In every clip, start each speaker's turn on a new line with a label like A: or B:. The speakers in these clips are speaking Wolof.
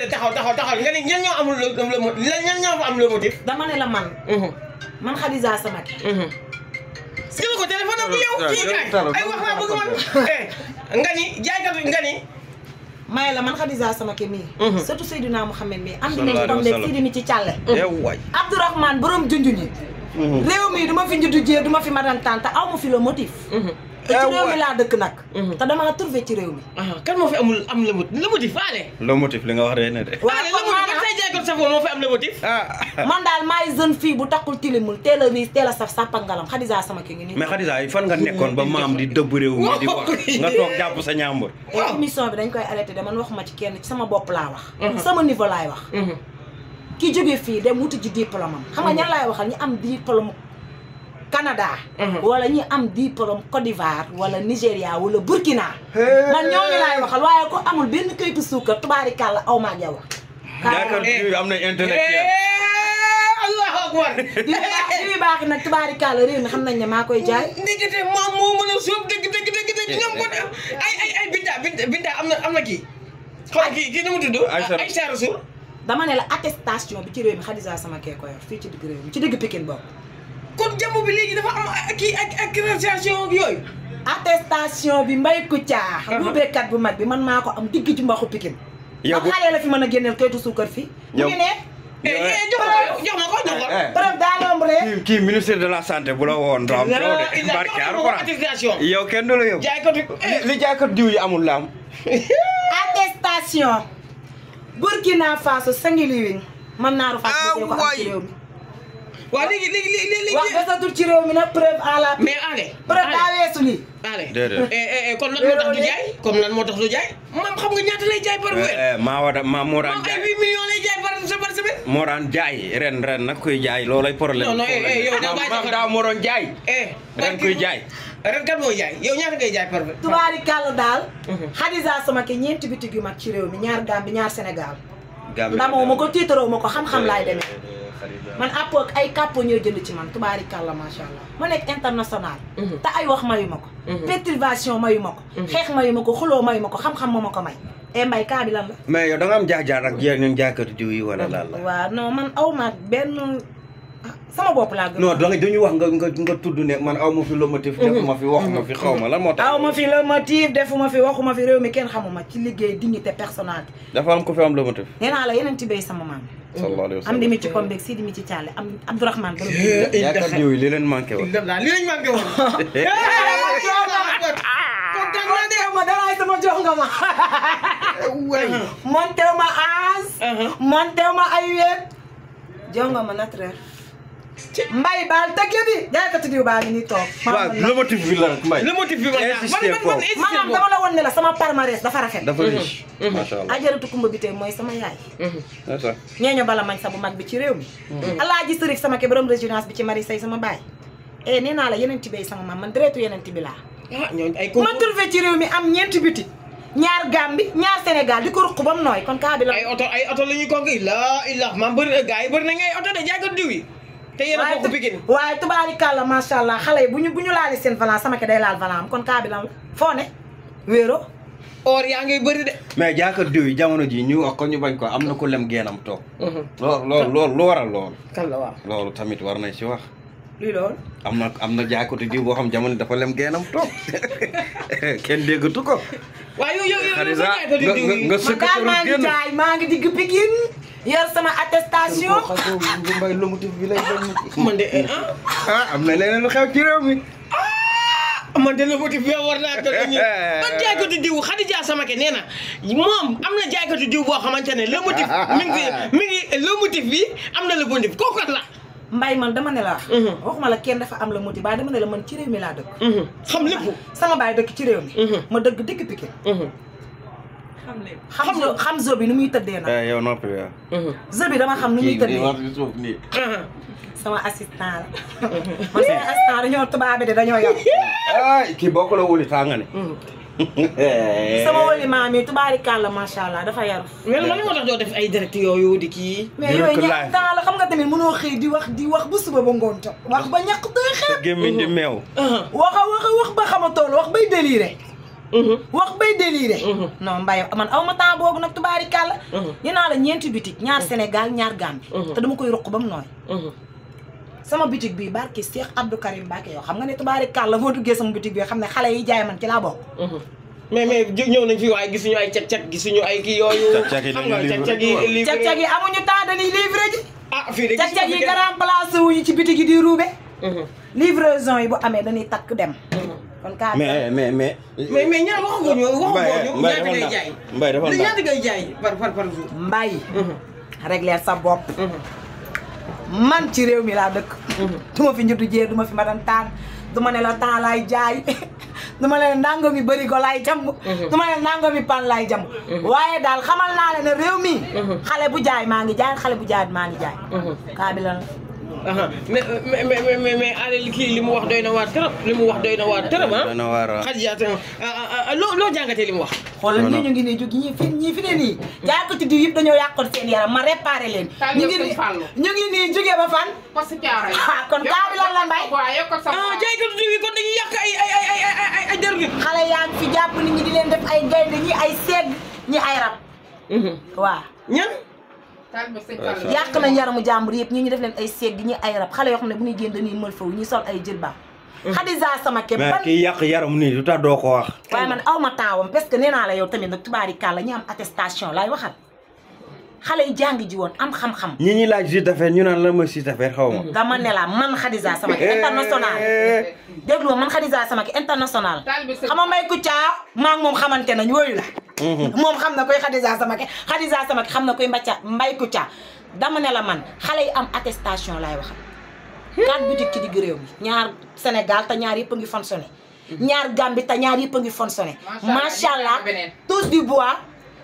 A: déedéet taxaw taxaw taxaw nga ne ñan ñoo amul le ñan le motif. dama ne la man. Mhm. man Khadija Samake. Mhm. jël ko téléphone am yow kii kaay ay wax laa bëgg eh, nga ni jaaykat nga ni. maye la man Khadija Samake mii. Mhm. surtout Seydina Mouhamed mii am dinañu tam de sii di mi ci càlle. Abdourahmane borom junj ñi. réew mii du ma fi njuddu jee du fi madantaan aw ma fi le motif. te ci réew mi laa dëkk nag. Mhm. te damaa trouvé ci réew mi. Ah, kan moo fi amul am le motif le motif faale.
B: le motif li nga wax rek ne de.
A: waaw kon sa moo fi am ah. a a saf sàpp ak sama kii ngi nii. mais
B: Khadija fan nga nekkoon ba maam di dëbb réew mi di wax nga toog jàpp sa ñaambur.
A: waaw émission bi dañ koy arrêté de man waxuma ci kenn ci sama bopp laa wax. Mhm. sama niveau laay wax. Mhm. ki jógee fii dem wuti ji diplôme am. xam nga ñan laay waxal ñi am Canada. Uh-huh. wala ñi am diplôme Côte d'Ivoire wala Nigéria wala Burkina. man ñooñu laay waxal waaye ko amul benn kayitu suukar tubaarikàlla aw maa jawa.
B: yaakaar am nañ
A: ne maa koy jaay. ndekete na am na kii. xool kii nu mu tudd. ay Aysa Rasul dama ne la attestation bi ci réew mi Xadija sama kee koy fii ci digg réew mi ci digg Pikine boobu. kon jàmm bi léegi dafa am kii ak accréditation ak yooyu. attestation bi Mbaye Kouthia. ruubeekat bu mag bi man maa ko am digg ci mbaxu Pikine. yow bu a génneel kayitu suukar fii. yow eh, eh, eh.
B: mu kii ministre de la santé bu la woon. raam taw de barkaar ko
A: attestation. yow
B: kenn du la yow. jaaykatu li jaaykatu diw yi amul laam.
A: attestation. Burkina Faso Saint-Louis. mën naa ru fas waaw léegi léegi léegi. wax mi nag preuve à la. mais allé. preuve daa weesu lii. allé déedéet. Eh, eh, eh, kon lan moo tax du jaay kon lan moo tax du jaay. xam nga lay jaay par weer.
B: maa moo daan jaay maam jaay moo daan jaay ren ren nag kuy jaay loolay problème. non non yow daa bàyyi maam daaw moo doon jaay. ren kuy jaay. ren kan mooy jaay yow
A: ñaata ngay jaay par weer. tubaari kàlla daal. Hadiza mhm. Samake ñeenti bi yu mag ci réew mi ñaar Gambie ñaar Sénégal. Gambie ndamoo ma ko tiitaroo ma ko xam-xam man àpp ay kàppo ñoo jënd ci man tubaari kàlla macha allah. ma nekk international. Mhm. te ay wax mayu ma ko. Mhm. perturbation mayu ma ko. Mhm. xeex mayu ma ko xuloo mayu ma ko xam-xam ma ma ko may. e eh, mbay la.
B: mais yow da nga am jaar-jaar ak yeneen jaaykatu diw yi wala laal la.
A: waaw non man aw ma benn. Ah, sama bopp laa gën non
B: danga dañuy wax nga nga nga tudd ne man aw ma fi lomotif defuma fi waxuma fi xaw ma lan moo tax aw ma fi
A: lomotif defuma fi waxuma fi réew mi kenn xamuma ci liggéey dignité personnalité
B: dafa am ko fi am lomotif
A: ci béy sama maam
B: sallallahu alayhi wa sallam am nañu ci
A: Kombe ak Sidi mi ci Thialé am Abdourahmane.
B: Eh, yaakaar jiw yi li leen manqué woon. li leen manqué woon.
A: ma dalaay sama jox nga ma. Eh, monté ma aas. Uh-huh. monté ma ay wéet. jox nga ma naturel. mbay baal tëggee bi jaaykatu diw baa ngi nii toog. waaw le
B: motif bi la mbay. le motif bi maanaam dama
A: la woon ne la sama palmarès dafa rafet. dafa riche
B: mhm, mhm. macha allah.
A: ajaratu kumba bi tey mooy sama yaay. ñeeño mhm. bala mañ sa bu mag bi ci réew mi. alaaji sëriñ sama ke borom résidence bi ci mari say sama baay. e nee naa la yeneen tibey sama maam man deretu yeneen tibi laa. ah ñooñu ay ma trouvé ci réew mi am ñeenti biti. ñaar Gambie ñaar Sénégal di ko ruq ba mu nooy kon kaa bi la. ay oto ay oto la ñuy kooku il a il a man bëri gars yi bëri nañu ay oto de jaaykatu diw yi te yéen a bokk waaye tubaari kàlla macha allah xale yi bu bu ñu laalee seen valant sama ke laal valant kon kaa bi lan la foo ne yaa ngay bëri de
B: mais jaako diw yi jamono ji ñu wax ko ñu bañ ko am na ko lem geenam toog loolu loolu loolu lu waral loolu kan la waaw loolu tamit war nañ si wax lii loolu am na am na jaakatu diw boo xam jamono dafa lem geenam toog kenn déggatu ko
A: waaw yow yow yow xarisa nga sëkk maa ngi jaay maa ngi digg Pikine yor sama attestation. mbay lomotif bi lay doon. man de eh, ah. ah am na leneen lu xew ci réew ah, de lomotif bi war naa jot a ñëw man jaaykatu diw nee na moom am na jaaykatu diw boo xamante ne lomotif mi bi am na lomotif kooku la. mbay man dama ne la mhm. ma la kenn dafa am la motif waaye dama ne man ci réew mi laa dëkk. Mhm. xam lépp sama baay dëkk ci réew mi. Mhm. ma dëgg dëkk Pikine. xam nga xam zo bi nu muy
B: tëddee nag. Eh, yow noppi waaw. zo mm-hmm. bi dama xam nu muy tëddee.
A: sama assistant la. man mm-hmm. sama assistant dañoo tubaab de dañoo yor. ay
B: kii boo ko la wóoli tànga ne. Mm-hmm. sama wóoli
A: maam yi tubaari kàlla macha dafa yaru. mais lan moo tax doo def ay direct yooyu di kii. mais yooyu ñàkk temps la xam nga tamit wax bu suba ba ngoon wax ba ñàkk doy
B: xeeb. gémmiñ di meew.
A: wax ba xamatoon wax Mm-hmm. wax bay déliré. Mm-hmm. non Mbaye man aw ma a boobu nag tubaari kàlla. Mm-hmm. ñu naa la ñeenti bitik ñaar Sénégal ñaar Gambie. te dama koy roq ba mu nooy. sama bitik bii barki Cheikh Abdou Karim Mbacké yow xam nga ne tubaari kàlla boo duggee sama bitik bi xam ne xale yi jaay man ci laa
B: yooyu. cag-cag yi dañuy livré cag-cag yi cag-cag yi
A: amuñu temps dañuy livré ji. Ah, yi ci bitik yi di ruube. livraison yi bu amee dañuy takk dem. kon kaa
B: mais mais mais. mais mais ñaar waxuñu waxuñu ñaata ngay jaay. mbay dafa ndax ñaata ngay jaay
A: par par par jour. mbay. Mhm. régler sa bopp. Mhm. man ci réew mi laa dëkk. Mhm. du ma fi njëtu jee du ma fi madan taan du ma ne la temps laay jaay du ma ne la ndàngo mi bërigo laay jam. du ma ne la ndàngo mi pan laay jam. waaye daal xamal naa leen ne réew mi. xale bu jaay maa ngi jaay xale bu jaay maa ngi jaay. kaa bi lan la.
B: mais mais mais mais Alioune kii li mu wax doy na waar trop li mu wax doy na waar trop ah. ah.
A: ah, loo loo jàngatee li mu wax. xoolal ñii ñu ngi ne jóg ñii fi ñii fi ne nii. jànkati diw yëpp dañoo yàqoon seen yaram ma réparé leen. ñu ngi nii ñu ngi fan. parce kon kaa bi lan la mbay. ah jànkati diw yi yàq nañ yaramu jàmbur yëpp ñu ñu def leen ay seet di ay rab xale yoo xam ne bu ñuy génn dañuy mël faw ñuy sol ay jëlbaax Xadija sama képp ban
B: kii yàq yaram nii lu tax doo ko wax
A: waaye man aw ma taawam parce que nee naa la yow tamit nag tubaari kàlla ñu am attestation laay waxal xale yi jàng ji woon am xam-xam.
B: ñi ñuy laaj chiffre d'affaires ñu naan lan mooy chiffre d'affaires xaw ma. Hmm.
A: dama ne la man Khadija ma eh. man Khadija Samake international. xam nga Mbaye Kouthia maa ngi moom xamante nañ yooyu la. Hmm. moom xam na koy Khadija Samake Khadija Samake xam na koy Mbathia Mbaye Kouthia dama ne la man xale yi am attestation laay wax. Hmm. quatre boutique ci di réew mi ñaar Sénégal ta ñaar yëpp a ngi fonctionné. ñaar Gambie te ñaar yëpp a ngi fonctionné. macha allah tous du bois.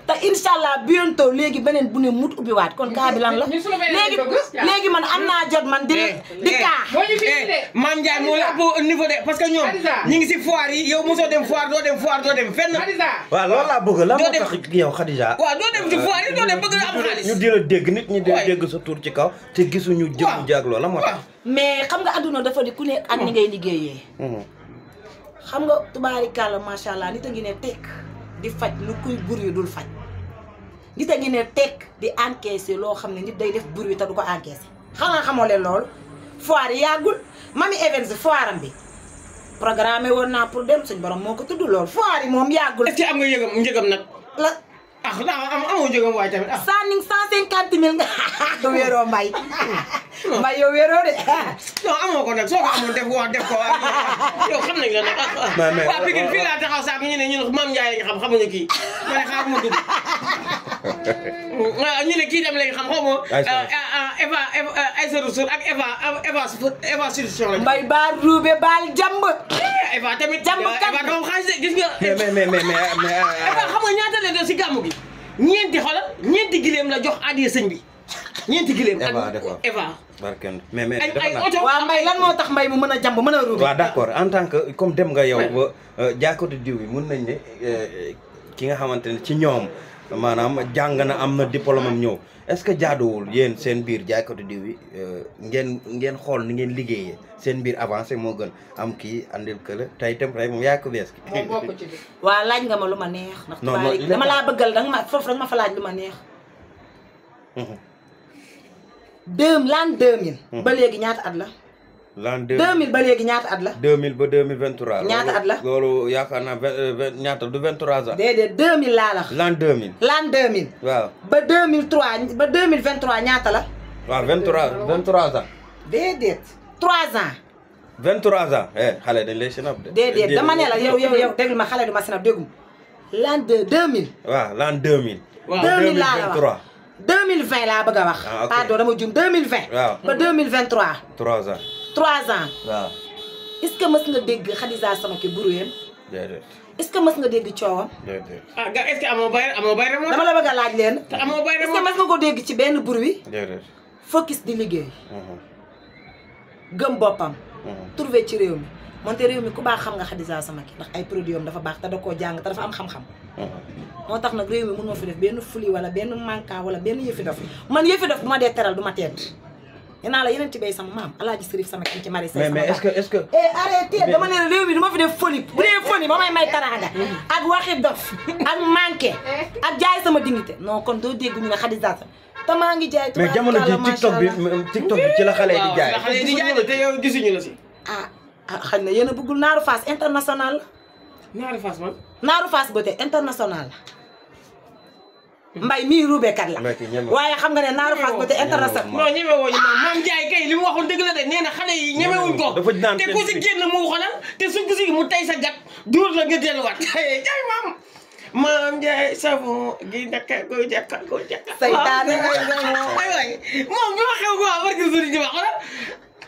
A: te incha allah bientôt léegi beneen bu ne mut ubbiwaat kon kaa lan la. léegi léegi man am naa jot man. di eh, di kaa. Eh, eh, maam Ndiaye moo la ëpp niveau de parce que ñoom. ñi ngi si foire yi yow mosoo dem foire doo dem foire doo dem fenn. waaw loolu laa bëgg la moo tax
B: yow Khadija. waaw doo dem si foire yi doo dem bëgg na am xaalis. ñu di dégg nit ñi di dégg sa tuur ci kaw te gisuñu jëm jaag la moo tax.
A: mais xam nga adduna dafa di ku ne ak ni ngay liggéeyee. Mm-hmm. xam nga tubaarikàlla macha allah nit a ngi ne tekk di faj lu kuy bur dul faj nit a ngi ne tekk di encaisser loo xam ne nit day def bruit te du ko encaisser xanaa xamoo leen loolu foire yàggul Mami Evans foire am bi programme woon naa pour dem suñ borom moo ko tudd loolu foire yi moom yàggul. est-ce am nga yëgam njëgam nag. la ah ndax amoo jógam waay tamit ah. cent cent cinquante mille nga. du wéeroo mbay. mbay yow wéeroo de. non amoo ko nag soo ko amoon def wax def ko waaye ah. yow xam nañ la nag ah. mais mais waa Pikine fii laa taxaw saako ñu ne ñu ne maam Ndiaye lañ xam xamuñu kii ma ne xaar ma dugg. ñu ne kii dem lañ xam xaw ma. Euh, euh, euh, Eva Eva Aïssatou Sour ak Eva Eva Eva Solution lañ. mbay baal ruube baal jàmb. Eva tamit. jàmm kàddu Eva xaalis gis nga.
B: mais mais
A: euh, si gàmmu gi. ñeenti xolal ñeenti gileem la jox adiya sëñ bi
B: ñeenti gileem. Eva d'accord Eva. barkeel mais mais ay oto
A: waaw mbay lan moo tax mbay mu mën a jàmb mën a ruube. waaw
B: d'accord en tant que comme dem nga yow ba euh, jàkkaarloo diw bi mun nañ ne euh, ki nga xamante ne ci ñoom. maanaam jàng na am na diplôme ma ñëw est-ce que jaaduwul yéen seen biir jaaykatu diw yi euh, ngeen ngeen xool ni ngeen liggéeye seen biir avancé moo gën am ki andil këla tey itam tey moom yaa ko bees ki
A: laaj nga ma lu ma neex ndax tubaab dama laa bëggal danga ma foofu danga ma fa laaj lu ma neex deux l'an hmm. ba léegi ñaata at la
B: l'an deux mille
A: ba léegi ñaata at la.
B: deux mille ba deux mille vingt trois. ñaata at la loolu yaakaar naa vingt ñaata du vingt trois ans.
A: déedéet deux mille laa la. l'an deux mille. l'an deux mille. waaw ba deux mille trois ba deux mille vingt trois ñaata la.
B: waaw vingt trois vingt trois ans.
A: déedéet trois ans.
B: vingt trois ans eh xale dañ lay sinap de. déedéet dama ne la yow yow yow
A: déglu ma xale du ma sinap déggu l'an deux deux mille.
B: waaw l'an deux mille. waaw deux mille laa la wax
A: 2020 laa bëgg a wax. ah ok pardon dama jum 2020. waaw ba 2023. trois ans. trois ans. waaw est ce que mës nga dégg Khadija Samake bureem. déedéet. est ce que mës nga dégg coowam. Ah, amoo bay amoo bay dama la bëgg a laaj leen. te amoo bay remoon est ce nga ko dégg ci benn bur wi. déedéet. di liggéey. Mhm. gëm boppam. Mhm. trouvé ci réew mi moonte réew mi ku baax xam nga Khadija Samake ndax ay produit am dafa baax te da koo jàng te dafa am xam-xam. Mhm. moo tax nag réew mi mënoo fi def benn fuli wala benn manka wala benn yëfi def man yëfi def bu ma dee teral du ma nee naa la yeneen ci bay sama maam alaaji sërif sama kin ci mari say mais est-ce que est-ce que eh arrêté dama ne réew mi ma fi def folie bu dee folie ba may may taraanga mm-hmm. ak waxi dof ak manqué ak jaay sama dignité non kon doo dégg ñu ne xadisa te maa ngi jaay mais jamono ji tiktok bi
B: tiktok bi ci la xale yi di jaay xale yi
A: di jaay te yow gisuñu la si ah ah xëy na yéen a bëggul naaru Fass international la naaru Fass man naaru Fass ba tey international la mbay mii ruubeekat la waaye xam nga ne naaru faas ba te international non ñemewoo ñu moom jaay kay li mu waxoon dëgg la de nee
B: xale yi ñemewuñ ko te ku si génn mu xoolal te suñ ko mu tey sa gat dóor la nga delluwaat jaay maam maam Ndiaye Savon gi naka go jàkka go jàkka. saytaane aywaay moom ñoo xew ko waa barke suñu ji wax wala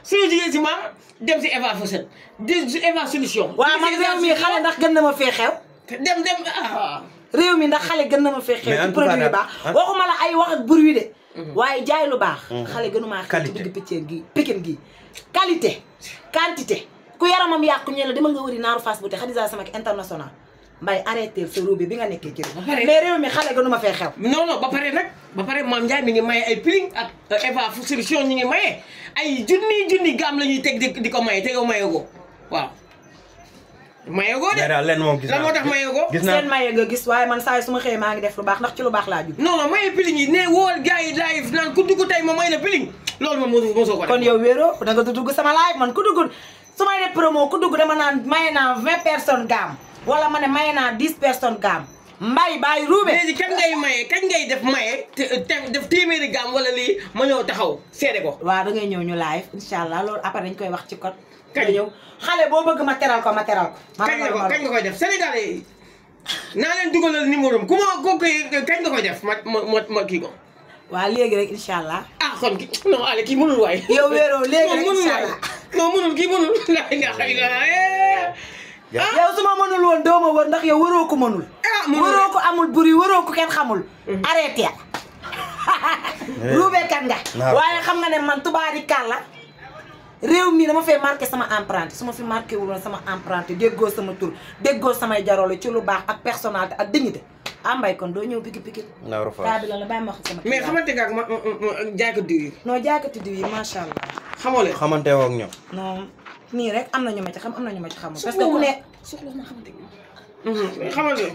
A: suñu jigéen si maam dem si Eva Fosen dem si Eva solution. waaw man réew mi xale ndax gën na ma fee xew. dem dem ah. réew mi ndax xale gën na ma fee xew ci produit yu baax ah. waxuma ay wax ak bruit de mhm. waaye jaay lu baax mhm. xale gënumaa xew ci digg picceen gi pikin gi qualité quantité ku yaramam yàqu ñee la dama nga wëri naaru face bu te Khadija Samake international mbay arrêté sa roube bi nga nekkee ci mais réew mi xale gënuma fee xew non non ba pare rek ba pare maam Ndiaye mi ngi maye ay piling ak euh, Eva solution ñu ngi maye ay junni junni gaam la teg di ko maye te ko maye ko waaw mayagoo de daal lenn moo tax mayagoo. gis naa seen maye nga gis waaye man saa yi su ma xëyee maa ngi def lu baax ndax ci lu baax laa jug. non non maye piling yi ne wool gars yi naan ku dugg tey ma may la piling loolu moom moo mosoo ko dugg def promo ku dama naan maye naa vingt personnes gaam ma ne maye naa dix personnes gaam. mbay bàyyi ruube léegi kañ ngay maye kañ ngay def maye te def téeméeri gaam wala lii ma ñëw taxaw seede ko. waa da ngay ñëw ñu live incha allah loolu après dañ koy wax ci code kañ ñëw xale boo bëgg ma teral ko ma teral ko. kañ nga ko kañ nga koy def Sénégalais yi naa leen dugalal numéro ku ma ko kañ nga koy def ma ma ma kii ko. waaw léegi rek incha allah. ah kon ki non Aliou kii mënul waay. yow wéeroo léegi rek incha allah non mënul kii mënul. Eh. Ah. yow su ma mënul woon doo ma wër ndax yow waroo ko mënul. ah mënul waroo ko amul buri waroo ko kenn xamul. Mhm. arrêté. Eh. ruubeekat nga. waaye xam nga ne man tubaari kàlla. réew mii dama fay marqué sama empreinte su ma fi marqué wul woon sama empreinte déggoo sama tur déggoo samay jaroolo ci lu baax ak personnalité ak dignité ambay ah, kon doo ñëw piki piki.
B: naawru faaw taa bi
A: la bàyyi ma wax sama. mais xamante nga ak ma jaaykatu diw yi. non diw yi macha allah.
B: xamoo leen xamante woo ak
A: ñoom. nii rek am na ñu ma ci xam am na ñu ma ci xamul. parce que ku ne soxla ma xamante ne.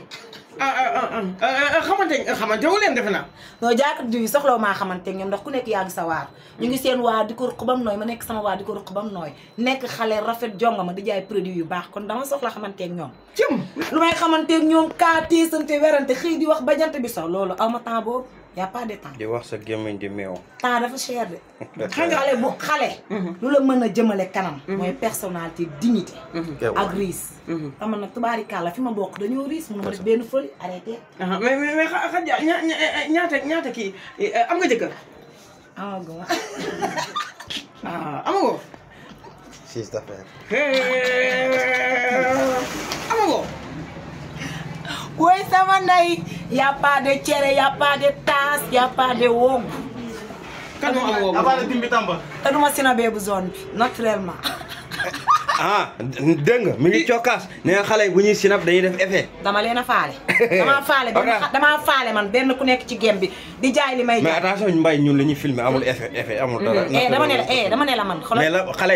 A: Ah, ah, ah, eh, eh, eh, xamante xamante wu leen defe naa non jaakatu diw yi soxlaw maa xamante ñoom ndax ku nekk yaa ngi sa waar ñu ngi seen waa di ko ruq bam nooy ma nekk sama waa di ko ruq bam nooy nekk xale rafet jonga ma di jaay produit yu baax kon dama soxla xamanteeg ñoom cim lu may xamanteeg ñoom kaa téesante werante xëy di wax ba bajante bi sax loolu aw ma temps boobu y' a pas de temps.
B: di wax sa gémmiñ di meew.
A: temps dafa cher de.
B: xam
A: bu xale. Mhm. lu la mën a jëmale kanam. Mhm. mooy personnalité dignité.
B: Mhm. ak riis.
A: xam nga nag tubaarikàlla fi ma bokk dañoo riis mun ma def benn fël arrêté. mais mais mais xam nga eh, eh, ñaata kii eh, am nga jëkkër. woy sama ndey y'a pas de cere y'a pas de taas y'a pas de wóogu. kan moo am wóogu kan moo bu zone naturellement.
B: ah dégg nga mi ngi cokkaas xale yi bu ñuy sinap dañuy def effet.
A: dama leen a faale. damaa faale damaa faale man benn ku nekk ci gem di jaay li may. mais
B: attention mbay ñun li ñuy filmé amul effet effet amul dara. Mm-hmm. Eh, dama ne la
A: eh dama la man.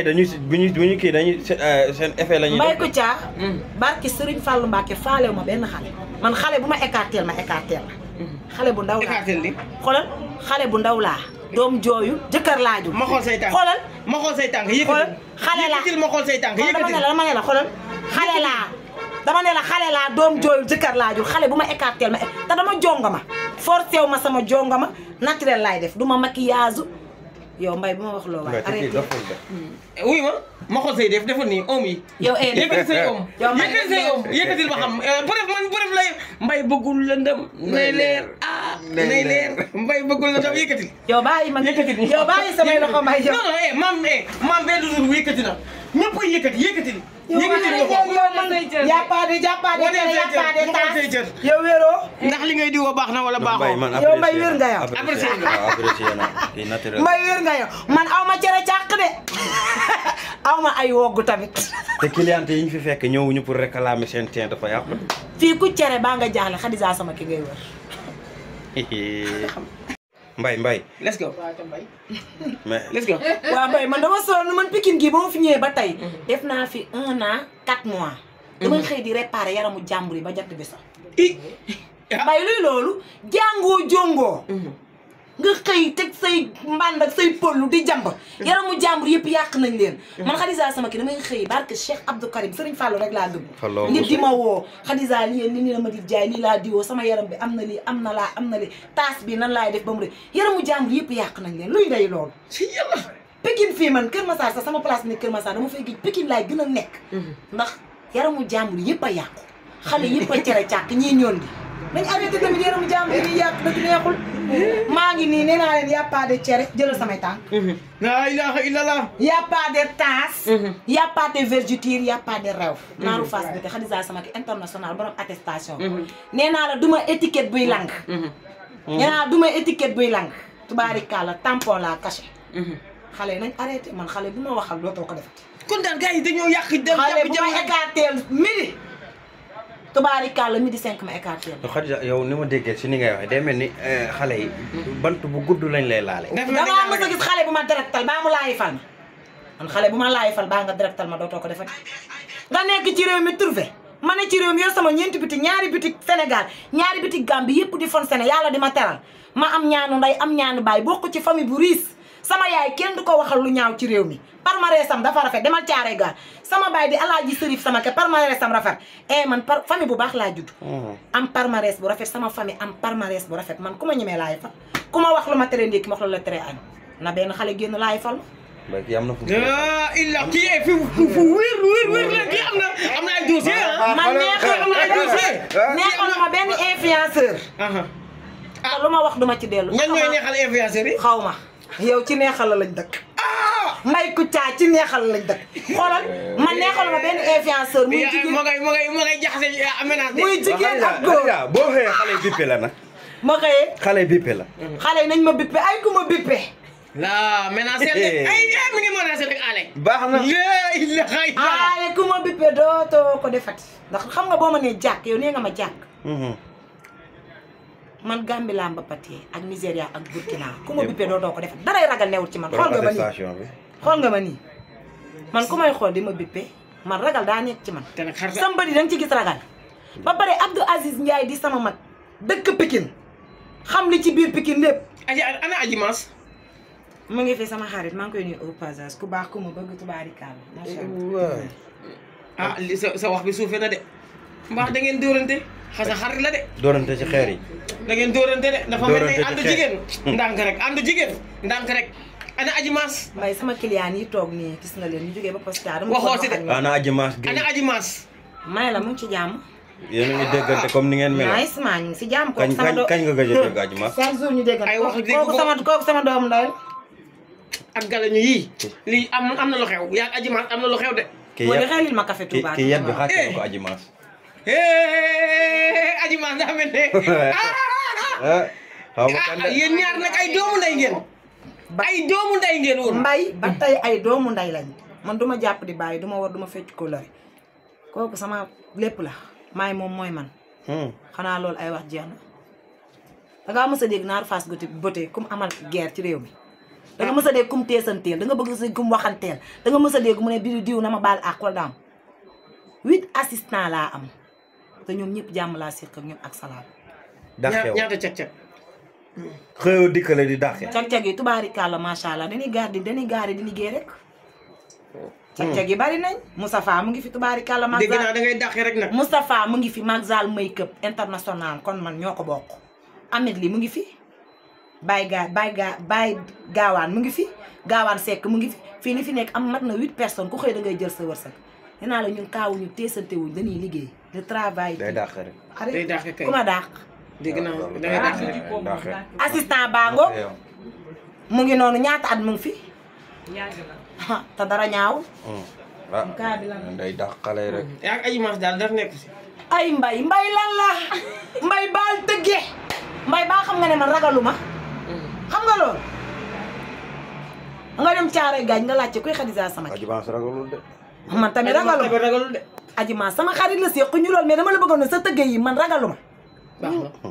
B: dañuy bu ñu bu ñu kii dañuy euh, seen effet la ñuy. mbay
A: ko caa. barke Serigne Fallou Mbacke faale wu ma benn xale. man xale bu ma écarté ma écarté la. Mm-hmm. xale bu ndaw laa écarté li. xale bu ndaw laa. doom jooyu jëkkër laaju ma xool say tànk xoolal ma xool say tànk yëkkati xale laa ma xool say tànk yëkkati dama ne la xoolal xale laa dama ne la xale laa doom jooyu jëkkër laaju xale bu ma écartel ma te ma jongama forcé wu ma sama jongama naturel laay def du ma maquillage yow mbay bu ma wax loo waay arrêté wuy hmm. ma ma xool say def defal nii om oh yi. yow eh yëkkati say om. yow mbay yëkkati say om yëkkatil ba xam bref eh, man bref lay mbay bëggul lëndëm. nay leer
B: ah nay leer
A: mbay bëggul lëndëm yëkkatil. yow bàyyi ma yëkkatil yow bàyyi samay loxo mbay. non non eh maam eh maam bee
B: du yëkkati na. ñëpp a yëkkati yëkkati. yëkkati loxo jàppaade jàppaade tey jàppaade li ngay diwoo baax na wala baaxoo. yow mbay wér nga yow. apprécié na mbay
A: man aw ma cere càq de aw ay woggu tamit.
B: te client yi ñu fi fekk ñëwuñu pour réclamer seen teint dafa
A: fii ku cere baa nga jaaxle Xadija sama ki ngay wër.
B: mbay mbay let's go mais let's go
A: waaw mbay man dama sonn man pikin gi ba fi ñëwee ba tey def naa fi un an quatre mois damay xëy di réparer yaramu jàmbur yi ba jant bi sax i mbay luy loolu jàngoo jongoo mm-hmm. nga xëy teg say mbànd ak say pëllu di jàmb yaramu jàmbur yëpp yàq nañ leen man Khadija sama ki damay xëy barke Cheikh Abdou Karim Serigne Fallou rek laa gëm nit di ma woo Khadija lii ni ni la ma di jaay nii laa diwoo sama yaram bi am na lii am na laa am na lii taas bi nan laay def ba mu de yaramu jàmbur yëpp yàq nañ leen luy day loolu Pikine fii man Kër Massar sax sama place ni Kër Massar dama fay gis Pikine laay a nekk mhm. ndax yaramu jàmbur yëpp a yàqu xale yëpp a cere càq ñii ñoon gi nañ arrêté tamit yaramu jàmbur maa ngi nii nee naa leen a pas de cere jëlal samay tànk. Mm-hmm. la ilaha illallah. y' a pas de tasse. Mm-hmm. y' a pas de vergeture a pas de rew. Mm-hmm. naaru Fass bi te Khadija sama ki international borom attestation. nee la du ma étiquette buy lang. nee la du ma étiquette buy lang. tubaarikàlla tampon laa caché. xale yi nañ man xale bu ma waxal dootoo ko defati. kon daal gars yi dañoo dem jàpp jàpp xale bu ma tubaarikàlla midi cinq ma écarté
B: la. Khadija yow ni ma déggee si ni ngay waxee day mel ni eh, xale yi. bant bu gudd lañ lay laale. def na damaa mës a gis xale
A: bu ma directal baa mu laayi fal ma man xale bu ma laayi fal baa nga directal ma dootoo ko defati. nga nekk ci réew mi trouvé ma ne ci réew mi yor sama ñeenti bitik ñaari bitik Sénégal ñaari bitik Gambie yëpp di fon Sénégal yàlla di ma teral ma am ñaanu nday am ñaanu baay bokk ci famille bu riis sama yaay kenn du ko waxal lu ñaaw ci réew mi parmaresam dafa rafet demal caare gaar sama baay di alaaji sërif sama ke parmaresam rafet e man par famille bu baax laa judd hmm. am parmares bu rafet sama famille am parmares bu rafet man ku ma ñemee laay fal ku ma wax lu ma tere ndékki ma wax lu la tere añ na benn xale génn laay fal
B: ba kii am na eh,
A: fu. illa
B: ah. ah. ma benn influenceur.
A: lu ma wax duma ci dellu. ñan ñooy neexal influenceur yi xaw ma. yow ci neexal dakk lañ dëkk. Mbaye ah! Kouthia ci neexal lañ dëkk xoolal man neexal ma benn influenceur. muy jigéen ma ngay ma ngay ma ngay jaxase
B: muy jigéen ak boo xëyee xale yi la nag. ma xale yi la.
A: xale yi nañ ma bippe ay ku ma bippe. la menacé rek eh. ay
B: ay eh, mi ngi menacé rek ale. baax na léegi xay. ale
A: ku ma bippe dootoo ko defati ndax xam nga boo ma nee jàkk yow nee nga ma jàkk. Mhm. man Gambie laa mbapatee ak Nigéria ak Burkina ku ma bippee doo doo ko def daray ragal newul ci man xool nga ma nii nga ma nii man ku may xool di ma bippee man ragal daa ci man sama bëri danga ci gis ragal ba pare Abdou Aziz Ndiaye di sama mag dëkk Pikine xam li ci biir Pikine lépp aji ana aji mas mu ngi fi sama xarit maa ngi koy nuyu au ku baax ku ma bëgg tubaarikàlla macha allah eh, ah sa wax bi suufee na de mbaax da ngeen dóorante xasa xar la de.
B: doorante ci xeer yi.
A: da ngeen doorante de dafa mel ne ànd jigéen. ndànk rek ànd jigéen ndànk rek. ana aji maas. mbay sama client yi toog nii gis nga leen ñu jógee ba postard. waxoo si de
B: ana aji maas. ana
A: aji maas. may la mu ngi ci jàmm.
B: yéen a ngi déggante comme ni ngeen mel. maa ngi
A: maa ngi si jàmm. kooku sama kañ kañ nga gëj a dégg aji maas. chaque jour ñu déggante ay wax dégg kooku sama kooku sama doomu ndey. ak galañu yii. lii am am na lu xew yaa aji maas am na lu xew de. ki yeb ki yeb bi xaajal ko eh. aji maas Eh, aji maas daa mel ne xaw
B: ma kan yéen
A: ñaar nag ay doomu nday ngeen ay doomu nday ngeen woon mbay ba tey ay doomu nday lañ man duma jàpp di bàyyi duma war duma fecc ko lore kooku sama lépp la maay moom mooy man xanaa loolu ay wax jeex na dangaa mës a dégg naar faas goti bote comme amal guerre ci réew mi da nga mës a dégg kum teesanteel da nga bëgg si kum waxanteel da nga mës a dégg mu ne bi diw na ma baal àq wala daam huit assistant laa am te ñoom ñëpp jàmm laa séq ak ñun ak salaam. daxew ñaata cag-cag.
B: xëyoo dikkale di daxee.
A: cag-cag yi tubaarikàlla macha allah dañuy gaar di dañuy gaare di liggéey rek. cag-cag yi bari nañ. Moustapha mu ngi fi tubaarikàlla. Magzal dégg naa da ngay rek nag. Moustapha mu ngi fi may Makeup international kon man ñoo ko bokk. Ameth li mu ngi fi. Baye Ga Baye Ga Baye Gaawaan mu ngi fi. Gaawaan Seck mu ngi fi fii li fi nekk am mat na huit personnes ku xëy da ngay jël sa wërsëg. nee naa la ñun kaawuñu teesante wuñ dañuy liggéey. le travail day dàq rek day dàq ku ma dàq. da dàq rek assistant Bango mu ngi noonu ñaata at mu ngi fi. te dara ñaawul.
B: Hmm. ah day dàqale
A: ay mbay mbay lan la mbay baal tëggee mbay baa xam nga ne man ragaluma hmm. xam nga loolu nga dem caare gaañ nga laajte kuy Khadija sama kii.
B: ragalul de.
A: man tamit ragaluma aji maa sama xarit la séq ñu lool mais dama la a ne sa tëggee yi man ragaluma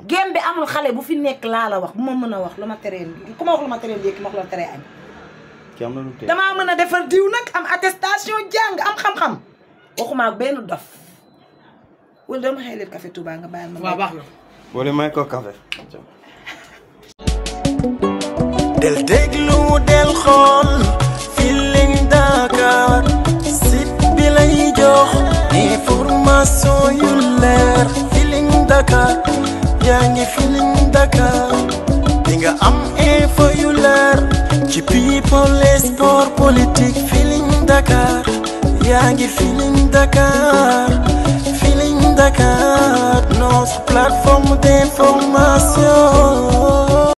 A: gém bi amul xale bu fi nekk laa la wax bu ma mën a wax lu ma teree ku ma wax lu ma teree léegi ma wax damaa mën a defar diw nag am attestation jàng am xam-xam waxuma benn dof wala dama xëy leen café Touba nga bàyyi ma waaw baax na
B: wala may ko café del déglu del xool information yu leer yaa ngi Feeling Dakar di nga am info yu leer ci people et yaa ngi Feeling Dakar Feeling Dakar notre plateforme d'information